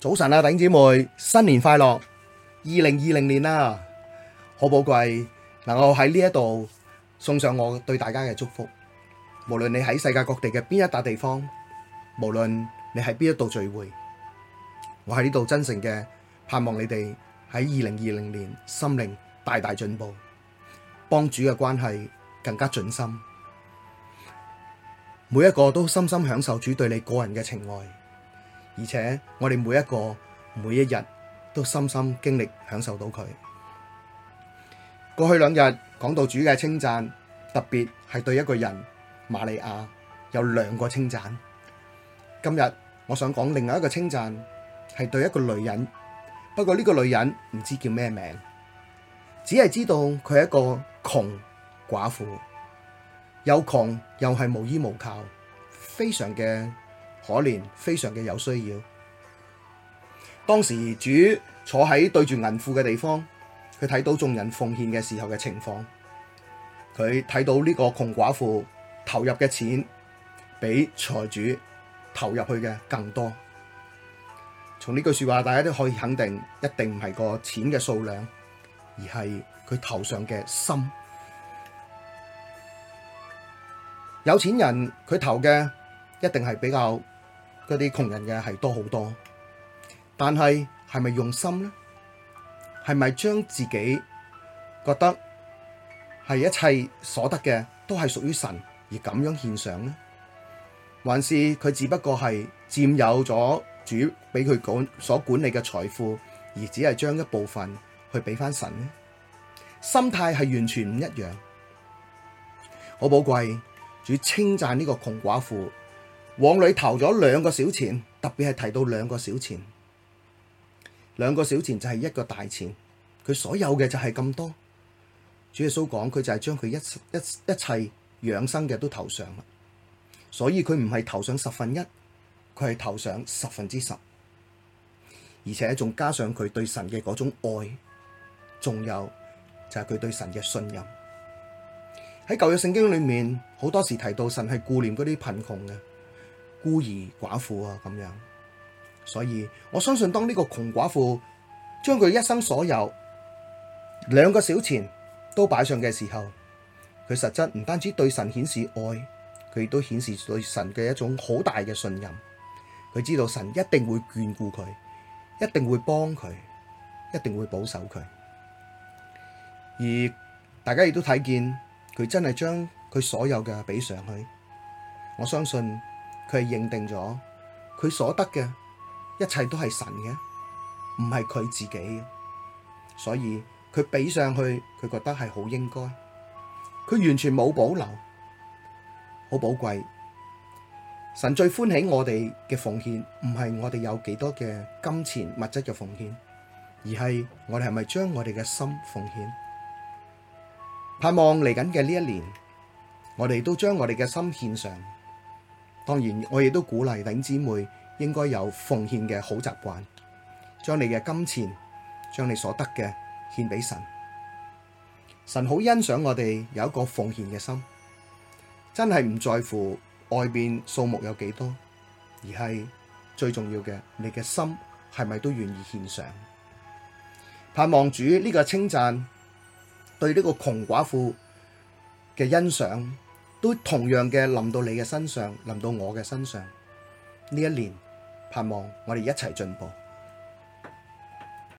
早晨啊，弟兄姐妹，新年快樂！二零二零年啦，啊，好寶貴，能夠喺呢一度送上我對大家嘅祝福。無論你喺世界各地嘅邊一笪地方，無論你喺邊一度聚會，我喺呢度真誠嘅盼望你哋喺二零二零年心靈大大進步，幫主嘅關係更加進深，每一個都深深享受主對你個人嘅情愛。而且我哋每一個每一日都深深經歷享受到佢。過去兩日講到主嘅稱讚，特別係對一個人瑪利亞有兩個稱讚。今日我想講另外一個稱讚，係對一個女人，不過呢個女人唔知叫咩名，只係知道佢係一個窮寡婦，有又窮又係無依無靠，非常嘅。可憐，非常嘅有需要。當時主坐喺對住銀庫嘅地方，佢睇到眾人奉獻嘅時候嘅情況，佢睇到呢個窮寡婦投入嘅錢比財主投入去嘅更多。從呢句說話，大家都可以肯定，一定唔係個錢嘅數量，而係佢頭上嘅心。有錢人佢投嘅。一定係比較嗰啲窮人嘅，係多好多，但係係咪用心呢？係咪將自己覺得係一切所得嘅都係屬於神而咁樣獻上呢？還是佢只不過係佔有咗主俾佢管所管理嘅財富，而只係將一部分去俾翻神呢？心態係完全唔一樣。好寶貴，主稱讚呢個窮寡婦。往裡投咗兩個小錢，特別係提到兩個小錢，兩個小錢就係一個大錢，佢所有嘅就係咁多。主耶穌講佢就係將佢一一一，一切養生嘅都投上啦，所以佢唔係投上十分一，佢係投上十分之十，而且仲加上佢對神嘅嗰種愛，仲有就係佢對神嘅信任。喺舊約聖經裏面，好多時提到神係顧念嗰啲貧窮嘅。孤兒寡婦啊，咁樣，所以我相信，當呢個窮寡婦將佢一生所有兩個小錢都擺上嘅時候，佢實質唔單止對神顯示愛，佢亦都顯示對神嘅一種好大嘅信任。佢知道神一定會眷顧佢，一定會幫佢，一定會保守佢。而大家亦都睇見佢真係將佢所有嘅俾上去，我相信。佢係認定咗，佢所得嘅一切都係神嘅，唔係佢自己嘅。所以佢俾上去，佢覺得係好應該。佢完全冇保留，好寶貴。神最歡喜我哋嘅奉獻，唔係我哋有幾多嘅金錢物質嘅奉獻，而係我哋係咪將我哋嘅心奉獻？盼望嚟緊嘅呢一年，我哋都將我哋嘅心獻上。當然，我亦都鼓勵弟兄姊妹應該有奉獻嘅好習慣，將你嘅金錢，將你所得嘅獻俾神。神好欣賞我哋有一個奉獻嘅心，真係唔在乎外邊數目有幾多，而係最重要嘅，你嘅心係咪都願意獻上？盼望主呢個稱讚，對呢個窮寡婦嘅欣賞。都同樣嘅臨到你嘅身上，臨到我嘅身上。呢一年，盼望我哋一齊進步。